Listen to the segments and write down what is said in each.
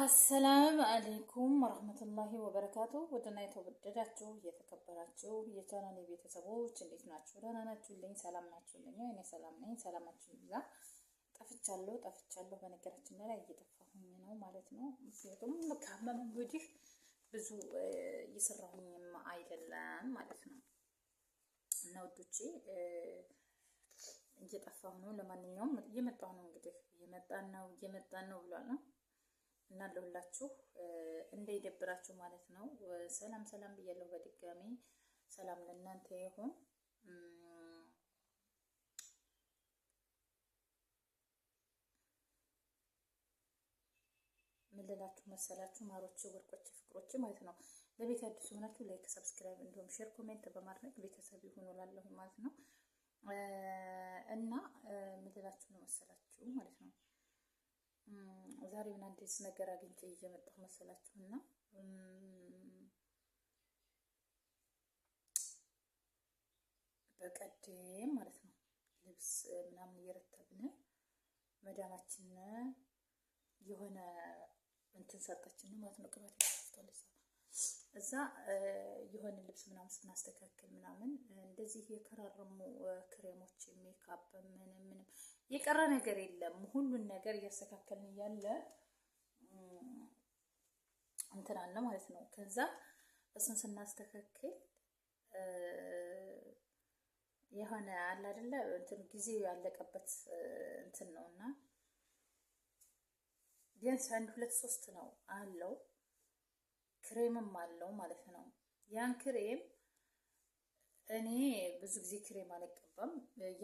አሰላም አለይኩም ወረህመቱላሂ ወበረካቱ። ውድና የተወደዳችሁ እየተከበራችሁ የቻናል ቤተሰቦች እንዴት ናችሁ? ደህና ናችሁልኝ? ሰላም ናችሁልኝ? እኔ ሰላም ነኝ። ሰላማችሁ ይብዛ። ጠፍቻለሁ ጠፍቻለሁ። በነገራችን ላይ እየጠፋሁኝ ነው ማለት ነው። ምክንያቱም ካመመ ወዲህ ብዙ እየሰራሁኝም አይደለም ማለት ነው እና ውዶቼ እየጠፋሁ ነው። ለማንኛውም እየመጣሁ ነው እንግዲህ እየመጣን ነው እየመጣን ነው ብሏል ነው እናለሁላችሁ እንዳይደብራችሁ ማለት ነው። ሰላም ሰላም ብያለሁ በድጋሚ ሰላም ለእናንተ ይሁን። ምልላችሁ መሰላችሁ ማሮች፣ ወርቆች፣ ፍቅሮች ማለት ነው። ለቤት አዲስ ሆናችሁ ላይክ፣ ሰብስክራይብ እንዲሁም ሼር፣ ኮሜንት በማድረግ ቤተሰብ ይሁኑ ላለሁ ማለት ነው እና ምልላችሁ ነው መሰላችሁ ማለት ነው ዛሬ ምን አዲስ ነገር አግኝቼ እየመጣሁ መሰላችሁና በቀደም ማለት ነው ልብስ ምናምን እየረተብን መዳማችን የሆነ እንትን ሰጠችን ማለት ነው። ቅባት እዛ የሆነ ልብስ ምናምን ስናስተካክል ምናምን እንደዚህ የከራረሙ ክሬሞች ሜካፕ ምንም ምንም የቀረ ነገር የለም። ሁሉን ነገር እያስተካከልን እያለ እንትን አለ ማለት ነው። ከዛ እሱን ስናስተካክል የሆነ አለ አይደለ እንትን ጊዜ ያለቀበት እንትን ነው እና ቢያንስ አንድ ሁለት ሶስት ነው አለው ክሬምም አለው ማለት ነው። ያን ክሬም እኔ ብዙ ጊዜ ክሬም አልቀባም።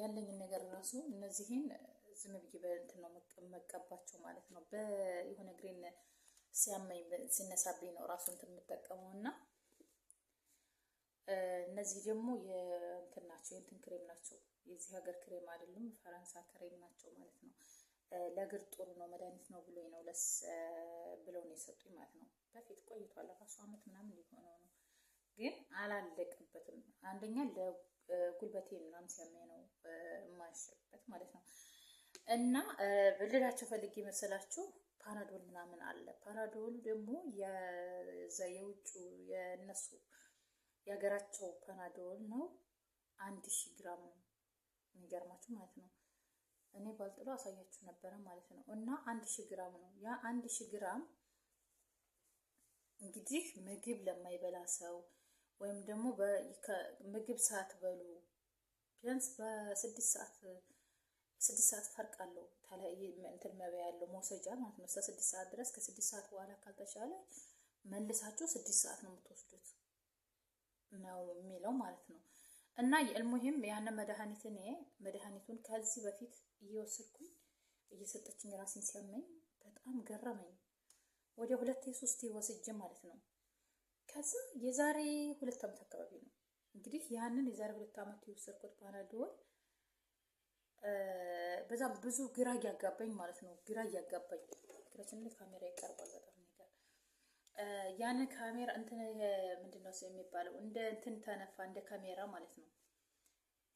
ያለኝን ነገር ራሱ እነዚህን ዝም ብዬ በእንትን ነው መቀባቸው ማለት ነው። የሆነ ግሬን ሲያመኝ ሲነሳብኝ ነው ራሱ እንትን የምጠቀመው እና እነዚህ ደግሞ የእንትን ናቸው፣ የእንትን ክሬም ናቸው። የዚህ ሀገር ክሬም አይደሉም፣ ፈረንሳ ክሬም ናቸው ማለት ነው። ለእግር ጥሩ ነው መድኃኒት ነው ብሎኝ ነው ለስ ብለው ነው የሰጡኝ ማለት ነው። በፊት ቆይቷል ራሱ አመት ምናምን ሊሆነው ነው ግን አላለቅበትም። አንደኛ ለጉልበቴ ምናምን ሲያመኝ ነው የማይሸበት ማለት ነው። እና ብልዳቸው ፈልጌ መሰላችሁ ፓናዶል ምናምን አለ። ፓናዶል ደግሞ የዛ የውጭ የእነሱ የሀገራቸው ፓናዶል ነው። አንድ ሺህ ግራም የሚገርማችሁ ማለት ነው። እኔ ባልጥሎ አሳያችሁ ነበረ ማለት ነው። እና አንድ ሺህ ግራም ነው። ያ አንድ ሺህ ግራም እንግዲህ ምግብ ለማይበላ ሰው ወይም ደግሞ ምግብ በሉ ቢያንስ በስድስት ሰዓት ስድስት ሰዓት ፈርቅ አለው እንትን መበያ ያለው መውሰጃ ማለት ነው። ስድስት ሰዓት ድረስ ከስድስት ሰዓት በኋላ ካልተሻለ መልሳችሁ ስድስት ሰዓት ነው የምትወስዱት ነው የሚለው ማለት ነው። እና የእልሙሂም ያንን መድኃኒትን መድኃኒቱን ከዚህ በፊት እየወሰድኩኝ እየሰጠችኝ ራሴን ሲያመኝ በጣም ገረመኝ። ወደ ሁለት ሶስት ወስጄ ማለት ነው ከዛ የዛሬ ሁለት ዓመት አካባቢ ነው እንግዲህ ያንን የዛሬ ሁለት ዓመት የወሰድኩት ፓራዶል በዛም ብዙ ግራ እያጋባኝ ማለት ነው። ግራ እያጋባኝ ግራችን ላይ ካሜራ ይቀርባል። በጣም ነገር ያን ካሜራ እንትን ምንድን ነው የሚባለው እንደ እንትን ተነፋ እንደ ካሜራ ማለት ነው።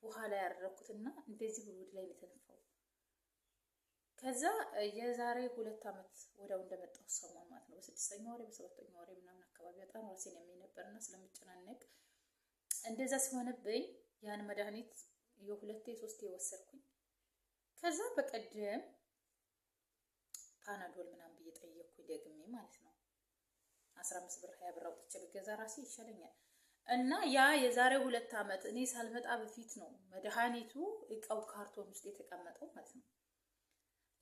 ውሃ ላይ ያደረኩትና እንደዚህ ብሉድ ላይ የተነፋው ከዛ የዛሬ ሁለት ዓመት ወዲያው እንደመጣሁ ሰሞን ማለት ነው በስድስተኛ ወሬ በሰባተኛ ወሬ ምናምን አካባቢ በጣም ራሴን የሚል ስለምጨናነቅ እንደዛ ሲሆንብኝ ያን መድኃኒት የሁለቴ ሶስቴ የወሰድኩኝ ከዛ በቀደም ፓናዶል ምናምን ብዬ ጠየቅኩኝ ደግሜ ማለት ነው አስራ አምስት ብር ሀያ ብር አውጥቼ ብገዛ ራሴ ይሻለኛል እና ያ የዛሬ ሁለት ዓመት እኔ ሳልመጣ በፊት ነው መድኃኒቱ እቃው ካርቶን ውስጥ የተቀመጠው ማለት ነው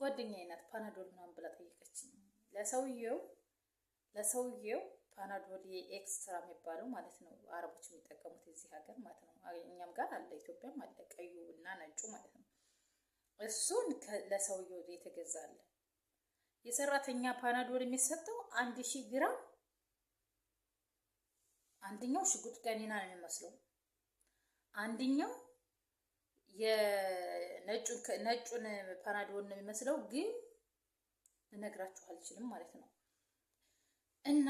ጓደኛዬ ናት ፓናዶል ምናምን ብላ ጠየቀችኝ። ለሰውየው ለሰውየው ፓናዶል የኤክስትራ የሚባለው ማለት ነው አረቦች የሚጠቀሙት የዚህ ሀገር ማለት ነው። እኛም ጋር አለ፣ ኢትዮጵያም አለ፣ ቀዩ እና ነጩ ማለት ነው። እሱን ለሰውየው የተገዛለ የሰራተኛ ፓናዶል የሚሰጠው አንድ ሺህ ግራም አንደኛው ሽጉጥ ቀኒና ነው የሚመስለው አንደኛው ነጩን ፓናዶል ነው የሚመስለው፣ ግን ልነግራችሁ አልችልም ማለት ነው። እና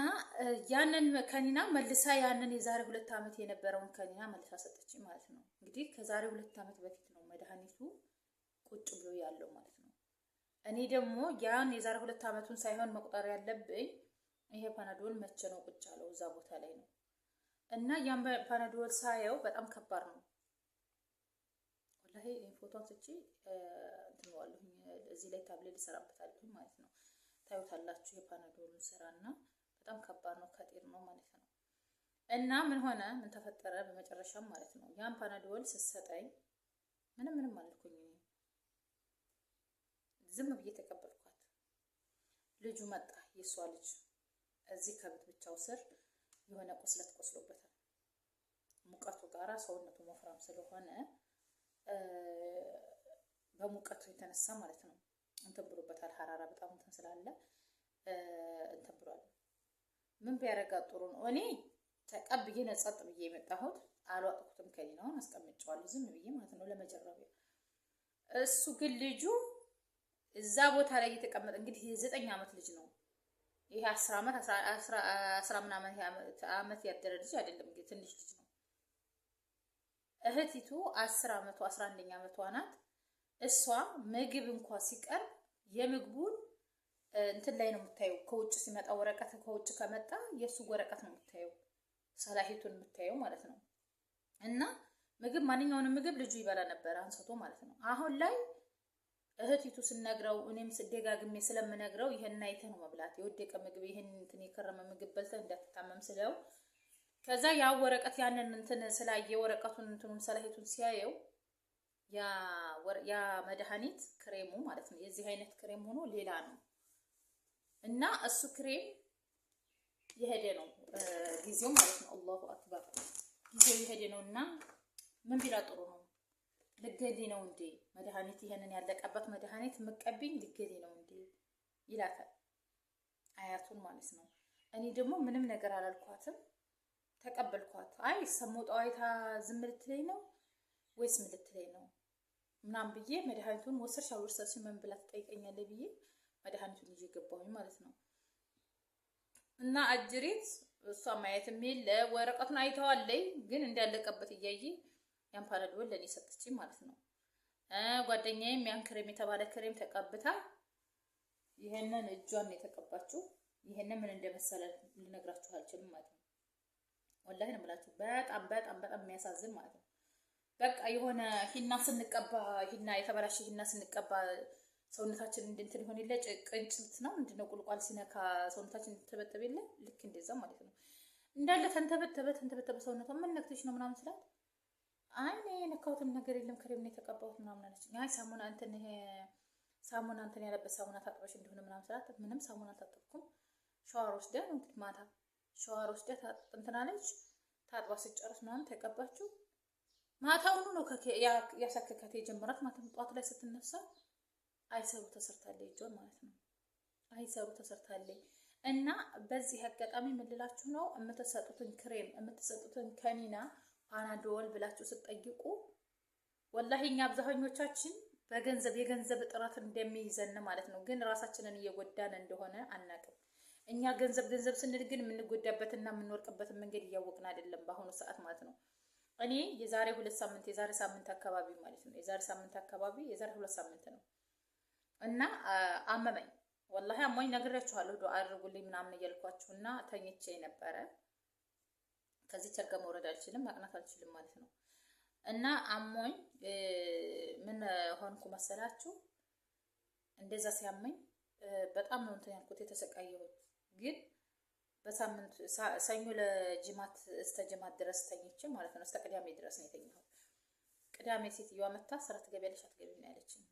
ያንን ከኒና መልሳ ያንን የዛሬ ሁለት ዓመት የነበረውን ከኒና መልሳ ሰጠች ማለት ነው። እንግዲህ ከዛሬ ሁለት ዓመት በፊት ነው መድኃኒቱ ቁጭ ብሎ ያለው ማለት ነው። እኔ ደግሞ ያን የዛሬ ሁለት ዓመቱን ሳይሆን መቁጠር ያለብኝ ይሄ ፓናዶል መቼ ነው ቁጭ ያለው እዛ ቦታ ላይ ነው። እና ያን ፓናዶል ሳየው በጣም ከባድ ነው ወላሂ ፎቶ አንስቼ እንትንዋለሁኝ እዚህ ላይ ታብሌት ልሰራበታለሁ ማለት ነው። ታዩታላችሁ የፓናዶሉን ስራ እና በጣም ከባድ ነው፣ ከጤር ነው ማለት ነው። እና ምን ሆነ ምን ተፈጠረ በመጨረሻም ማለት ነው ያን ፓናዶል ስትሰጠኝ ምንም ምንም አልኩኝ፣ ዝም ብዬ ተቀበልኳት። ልጁ መጣ፣ የእሷ ልጅ እዚህ ከብት ብቻው ስር የሆነ ቁስለት ቆስሎበታል። ሙቀቱ ጋራ ሰውነቱ ወፍራም ስለሆነ በሙቀቱ የተነሳ ማለት ነው እንትን ብሎበታል። ሀራራ በጣም እንትን ስላለ እንትን ብሏል። ምን ቢያረጋ ጥሩ ነው? እኔ ተቀብዬ ነጸጥ ብዬ የመጣሁት አልዋጥኩትም። ከሊናውን አስቀምጨዋለሁ ዝም ብዬ ማለት ነው ለመጀረቢያ። እሱ ግን ልጁ እዛ ቦታ ላይ እየተቀመጠ እንግዲህ የዘጠኝ ዓመት ልጅ ነው ይሄ አስራ አስራ ምናምን ዓመት ያደረ ልጅ አይደለም፣ ትንሽ ልጅ ነው። እህቲቱ አስር አመቱ አስራ አንደኛ ዓመቷ ናት። እሷ ምግብ እንኳ ሲቀርብ የምግቡን እንትን ላይ ነው የምታየው። ከውጭ ሲመጣ ወረቀት ከውጭ ከመጣ የእሱ ወረቀት ነው የምታየው፣ ሰላሂቱን የምታየው ማለት ነው። እና ምግብ ማንኛውንም ምግብ ልጁ ይበላ ነበር አንስቶ ማለት ነው። አሁን ላይ እህቲቱ ስነግረው እኔም ስደጋግሜ ስለምነግረው ይህን አይተ ነው መብላት የወደቀ ምግብ ይህን እንትን የከረመ ምግብ በልተህ እንዳትታመም ስለው ከዛ ያ ወረቀት ያንን እንትን ስላየ ወረቀቱን እንትኑን ሰላሂቱን ሲያየው ያ መድኃኒት ክሬሙ ማለት ነው የዚህ አይነት ክሬም ሆኖ ሌላ ነው እና እሱ ክሬም የሄደ ነው ጊዜው ማለት ነው። አላሁ አክበር ጊዜው የሄደ ነው እና ምን ቢላ ጥሩ ነው ልገሊ ነው እንዴ መድኃኒት ይሄንን ያለቀበት መድኃኒት ምቀብኝ ልገሊ ነው እንዴ ይላታል አያቱን ማለት ነው። እኔ ደግሞ ምንም ነገር አላልኳትም ተቀበልኳት። አይ ሰሞጣ አይታ ዝም ልትለኝ ነው ወይስ ምን ልትለኝ ነው ምናምን ብዬ መድኃኒቱን ወሰድሽ አልወሰድሽም ምን ብላ ትጠይቀኛለህ ብዬ መድኃኒቱን ይዤ ገባሁኝ ማለት ነው። እና አጅሪት እሷ ማየት የሚል ወረቀቱን አይተዋለይ ግን እንዳለቀበት እያየ ያን ፓራዶል ለእኔ ሰጠችኝ ማለት ነው። ጓደኛዬም ያን ክሬም የተባለ ክሬም ተቀብታ ይሄንን እጇን የተቀባችው ይሄንን ምን እንደመሰለ ልነግራችሁ አልችልም ማለት ነው። ወላሂ ነው የምላችሁ። በጣም በጣም በጣም የሚያሳዝን ማለት ነው። በቃ የሆነ ሂና ስንቀባ ሂና የተበላሸ ሂና ስንቀባ ሰውነታችን እንድንትን ይሆን የለ ቅንጭት ነው ምንድነው ቁልቋል ሲነካ ሰውነታችን እንድንተበተብ የለ ልክ እንደዛ ማለት ነው። እንዳለ ተንተበተበ ተንተበተበ ሰውነቷ ምን ነክቶች ነው ምናምን ስላት አይ የነካሁትም ነገር የለም ክሬም ነው የተቀባሁት ምናምን አለች። አይ ሳሙና እንትን ይሄ ሳሙና እንትን ያለበት ሳሙና ታጥበሽ እንደሆነ ምናምን ስላት ምንም ሳሙና አልታጠብኩም ሻወር ወስደን እንግዲህ ማታ ሸዋር ወስዳ እንትን ታጥባ ስጨርስ ምናምን ተቀባችው። ማታውኑ ነው ያሳከካት የጀመራት ማለት ነው። ጠዋት ላይ ስትነሳ አይሰሩ ተሰርታለች ጆን ማለት ነው። አይሰሩ ተሰርታለች። እና በዚህ አጋጣሚ የምልላችሁ ነው የምትሰጡትን ክሬም የምትሰጡትን ከኒና ፓናዶል ብላችሁ ስትጠይቁ ወላሂ እኛ አብዛኞቻችን በገንዘብ የገንዘብ እጥረት እንደሚይዘን ማለት ነው። ግን ራሳችንን እየጎዳን እንደሆነ አናውቅም። እኛ ገንዘብ ገንዘብ ስንል ግን የምንጎዳበትና የምንወርቅበትን መንገድ እያወቅን አይደለም፣ በአሁኑ ሰዓት ማለት ነው። እኔ የዛሬ ሁለት ሳምንት የዛሬ ሳምንት አካባቢ ማለት ነው የዛሬ ሳምንት አካባቢ የዛሬ ሁለት ሳምንት ነው እና አመመኝ፣ ወላሂ አሞኝ፣ ነግሬያችኋለሁ። ዱአ አድርጉልኝ ምናምን እያልኳችሁ እና ተኝቼ ነበረ። ከዚህ ቸርገ መውረድ አልችልም፣ ማቅናት አልችልም ማለት ነው እና አሞኝ ምን ሆንኩ መሰላችሁ? እንደዛ ሲያመኝ በጣም ነው እንትን ያልኩት የተሰቃየሁት ግን በሳምንት ሰኞ ለጅማት እስተ ጅማት ድረስ ተኝቼ ማለት ነው። እስተ ቅዳሜ ድረስ ነው የተኛሁት። ቅዳሜ ሴትዮዋ መታ ስራ ትገቢያለሽ አትገቢም ነው ያለችኝ።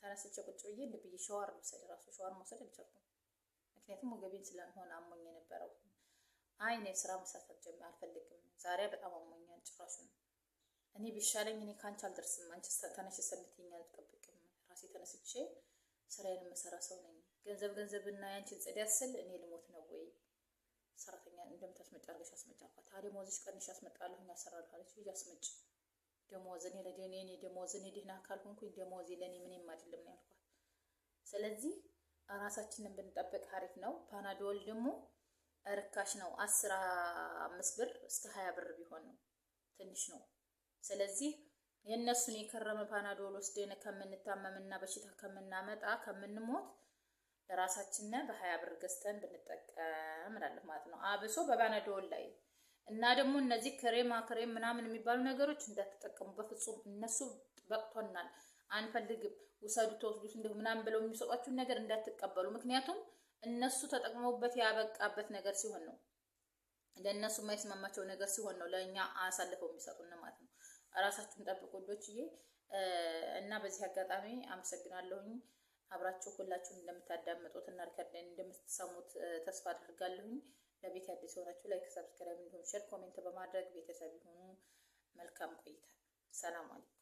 ተነስቼ ቁጭ ብዬ ልብዬ ሸዋር መውሰድ ራሱ ሸዋር መውሰድ አልቻልኩም። ምክንያቱም ወገቤን ስለሆነ አሞኝ የነበረው አይ እኔ ስራ መስራት አልፈልግም፣ ዛሬ በጣም አሞኛል። ጭራሹን እኔ ቢሻለኝ እኔ ከአንቺ አልደርስም፣ አንቺ ተነሽ ሰምትኝ አልጠብቅም። ራሴ ተነስቼ ስራዬን የምሰራ ሰው ነኝ ገንዘብ ገንዘብ ገንዘብና ያንቺን ጽዳት ስል እኔ ልሞት ነው ወይ? ሰራተኛ እንደምታስመጪ አድርገሽ አስመጫባት። ደሞዝሽ ቀንሽ አስመጣለሁኝ አሰራለሁ አለች። ልጅ አስመጭ ደሞዝ እኔ ለደኔ እኔ ደሞዝ እኔ ድህና ካልሆንኩኝ ደሞዝ ለእኔ ምንም አይደለም ነው ያልኳት። ስለዚህ ራሳችንን ብንጠብቅ አሪፍ ነው። ፓናዶል ደግሞ ርካሽ ነው። አስራ አምስት ብር እስከ ሀያ ብር ቢሆን ነው ትንሽ ነው። ስለዚህ የእነሱን የከረመ ፓናዶል ወስደን ከምንታመምና በሽታ ከምናመጣ ከምንሞት ለራሳችን በሀያ ብር ገዝተን ብንጠቀም እላለሁ ማለት ነው። አብሶ በባነዶል ላይ እና ደግሞ እነዚህ ክሬማ ክሬም ምናምን የሚባሉ ነገሮች እንዳትጠቀሙ በፍጹም። እነሱ በቅቶናል፣ አንፈልግም፣ ውሰዱ፣ ተወስዱት እንዲሁ ምናምን ብለው የሚሰጧችሁን ነገር እንዳትቀበሉ። ምክንያቱም እነሱ ተጠቅመውበት ያበቃበት ነገር ሲሆን ነው ለእነሱ የማይስማማቸው ነገር ሲሆን ነው ለእኛ አሳልፈው የሚሰጡን ማለት ነው። ራሳችሁን ጠብቁ ወዶችዬ እና በዚህ አጋጣሚ አመሰግናለሁኝ። አብራችሁ ሁላችሁም እንደምታዳምጡት እና ሪከርድ እንደምትሰሙት ተስፋ አድርጋለሁኝ። ለቤት አዲስ የሆናችሁ ላይክ፣ ሰብስክራይብ እንዲሁም ሼር፣ ኮሜንት በማድረግ ቤተሰብ የሆኑ መልካም ቆይታ። ሰላም አለይኩም።